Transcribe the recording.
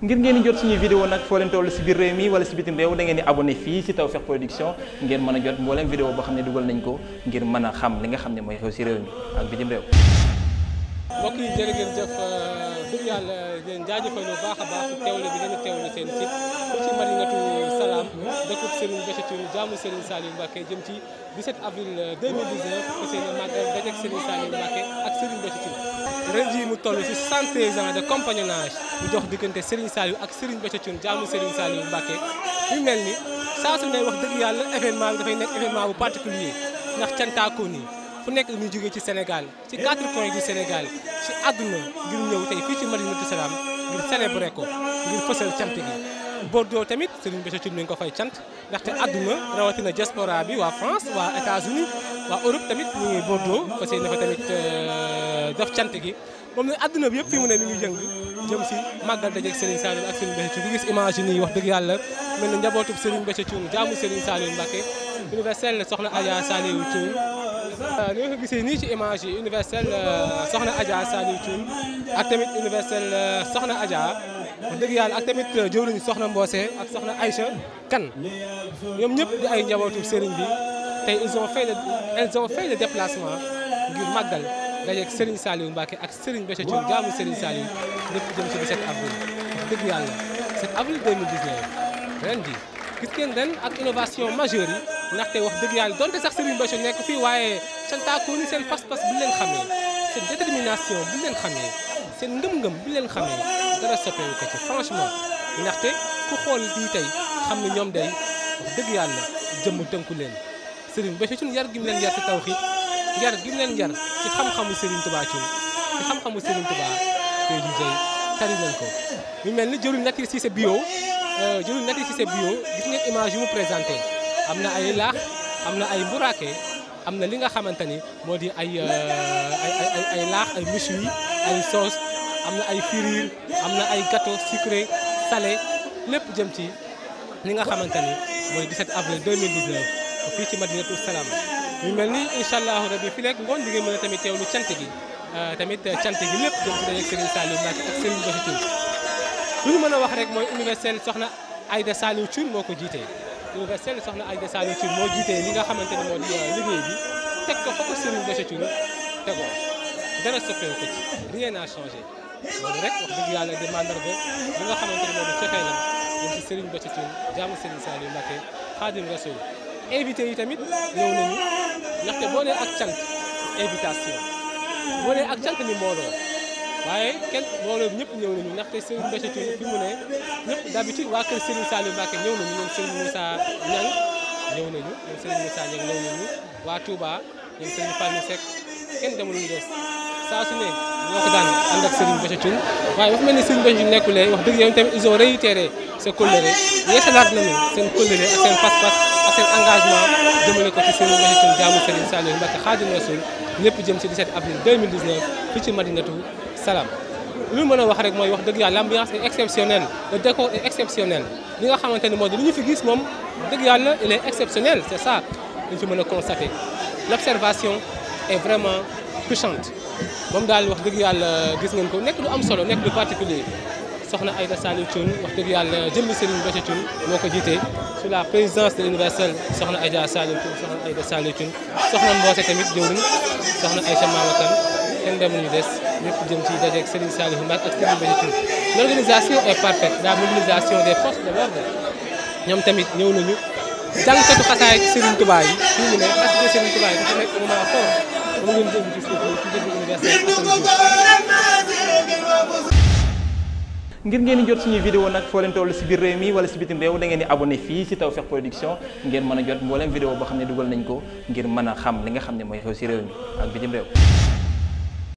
ngir ngeen di jot suñuy vidéo nag foo leen toll si biir réew mi wala si bitim réew da ngeen di abonné fii si Tawfekh Production ngeen mën a jot mbooleem vidéo boo xam ne dugal nañ ko ngir mën a xam li nga xam ne mooy xew si réew mi ak bitim réew mbokk yi jërë ngeen jëf dëgg euh, yàlla ngeen jaajëfal bu baax a baax teewle bi ngeen teewle seen site ci Madinatu Salaam jaamu Serigne Saliou Mbacké jëm ci 17 avril 2019 seen màggal dajeek Serigne Saliou ak Serigne Béthio Thioune ren mu toll ci 116 ans de compagnonnage mu jox diggante Serigne Saliou ak Serigne Béthio Thioune jaamu Serigne Saliou Mbacké ñu mel ni saa su ne wax dëgg yàlla événement bi dafay nekk événement bu particulier ndax cantaakoon yi fu nekk ñu jógee ci Sénégal ci quatre coins du Sénégal ci àdduna ngir ñëw tey fii ci Madinatoul Salam ngir célébrer ko ngir fësal cant gi Bordeaux tamit Serigne Béthio Thioune mi ngi ko fay cant ndaxte àdduna rawatina diaspora bi waa France waa États-Unis waa Europe tamit ñu ngi Bordeaux fas yéene fa tamit euh, def cant gi moom ne àdduna bi yëpp yi mu ne mi ngi jëng jëm si màggal dajeeg Serigne Saliou ak Serigne Béthio Thioune bu gis image yi nii wax dëgg yàlla mel na njabootub Serigne Béthio Thioune jaamu Serigne Saliou Mbacké universel soxna Adja Saliou Thioune Euh, ni nga ko gisee nii ci image yi universel euh, soxna Adja Saliou Thioune ak tamit universel euh, soxna Adja wax dëgg yàlla ak tamit jëwriñ soxna Mboose ak soxna Aïcha Kan ñoom ñëpp di ay njabootu sëriñ bi te ils ont fait le ils ont déplacement ngir màggal dajeeg Serigne Saliou Mbacké ak Serigne Béthio Thioune jaamu Serigne Saliou lépp jëm ci 17 avril wax dëgg yàlla 7 avril 2019 ren ji gis ngeen ren ak innovation majeure ndaxte wax dëgg yàlla donte sax Serigne Bachir nekk fii waaye cantaakooni seen pas-pas bu leen xamee seen détermination bu leen xamee seen ngëm-ngëm bu leen xamee dara soppeeku ko ci franchement ndaxte ku xool lii tey xam ne ñoom day dëgg yàlla jëmm tënku leen Serigne Bachir suñu yar gi mu leen yar ci tawxiid yar gi mu leen yar ci xam-xamu Serigne Touba ci xam-xamu Serigne Touba te ñu jëy tari nañ ko ñu mel ni jëruñ natir si sa bio euh, jëruñ natir bio gis ngeen image yu am na ay laax am na ay mburaake am na li nga xamante ni moo di ay euh, ay ay ay laax ay méchoui ay sauce am na ay firiir am na ay gâteau sucré salé lépp jëm ci li nga xamante ni mooy 17 avril 2019 fii ci madinatu salaam ñu mel ni incha allahu rabi fi leeg ngoon di ngeen mën a tamit teewlu cant gi euh, tamit cant gi lépp jëm ci dajeeg Serigne Saliou Mbacké ak Serigne Bassirou Thioune lu ñu mën a wax rek mooy universel soxna Aïda Saliou Thioune moo ko jiitee universelle soxna Aïda Saliou Thioune moo jiitee li nga xamante ne moo di euh, liggéey bi teg ko fa ko Serigne Bousso Thioune tegoo dara soppeeku ko ci rien n'a changé loolu rek wax dëgg yàlla di mandarga li nga xamante ne moo di cofee la ñoom si Serigne Bousso Thioune jaamu Serigne Saliou Mbacké Khadim Rasoul invité yi tamit ñëw nañu ndaxte boo nee ak cant invitation boo nee ak cant ni mbooloo waaye kenn mbooloo ñëpp ñëw nañu ndaxte Serigne Bachir Thioune fi mu ne ñëpp d'habitude waa kër Serigne Saliou Mbacké ñëw nañu ñoom Serigne Moussa Niang ñëw nañu ñoom Serigne Moussa ñëw nañu waa Touba ñoom Serigne Fallou Seck kenn demul ñu des saa su ne ñoo ko daan ànd ak Serigne wax dëgg yow tamit ils ont réitéré sa kóllëre yeesalaat nañu seen kóllëre ak seen pas-pas ak ko ci Serigne Bachir Thioune jaamu Serigne Saliou Mbacké Khadimou Rassoul ñëpp jëm ci 17 avril 2019 ci Madinatu salaam lu mën a wax rek mooy wax dëgg yàlla l'ambiance est exceptionnelle le décor est exceptionnel li nga xamante ni moo di lu ñu fi gis moom dëgg yàlla il est exceptionnel c'est ça lu mën a constater l'observation est vraiment touchante moom daal wax dëgg yàlla gis ngeen ko nekk lu am solo nekk lu particulier soxna Aïda Saliou Thioune wax dëgg yàlla jëmmi Serigne Bethio Thioune moo ko jiite sous la présidence de l'universel soxna Aïda Saliou Thioune soxna Aïda Saliou Thioune soxna Mboose tamit jëwriñ soxna Aïcha Mamakane kenn demul ñu des ñëpp jëm ci dajeeg Serigne Saliou Mbacké ak Serigne Béthio Thioune l'organisation est parfaite ñoom tamit ñëw nañu jàngkatu xasaay ci Serigne Touba yi fii mu ne xasida Serigne Touba yi ngir ngeen jot suñuy vidéo nag foo leen toll si biir réew mi wala si bitim réew da ngeen di abonné fii si Tawfekh Production ngeen mën a jot mbooleem vidéo boo xam ne dugal nañ ko ngir mën a xam li nga xam ne mooy xew si réew mi ak bitim réew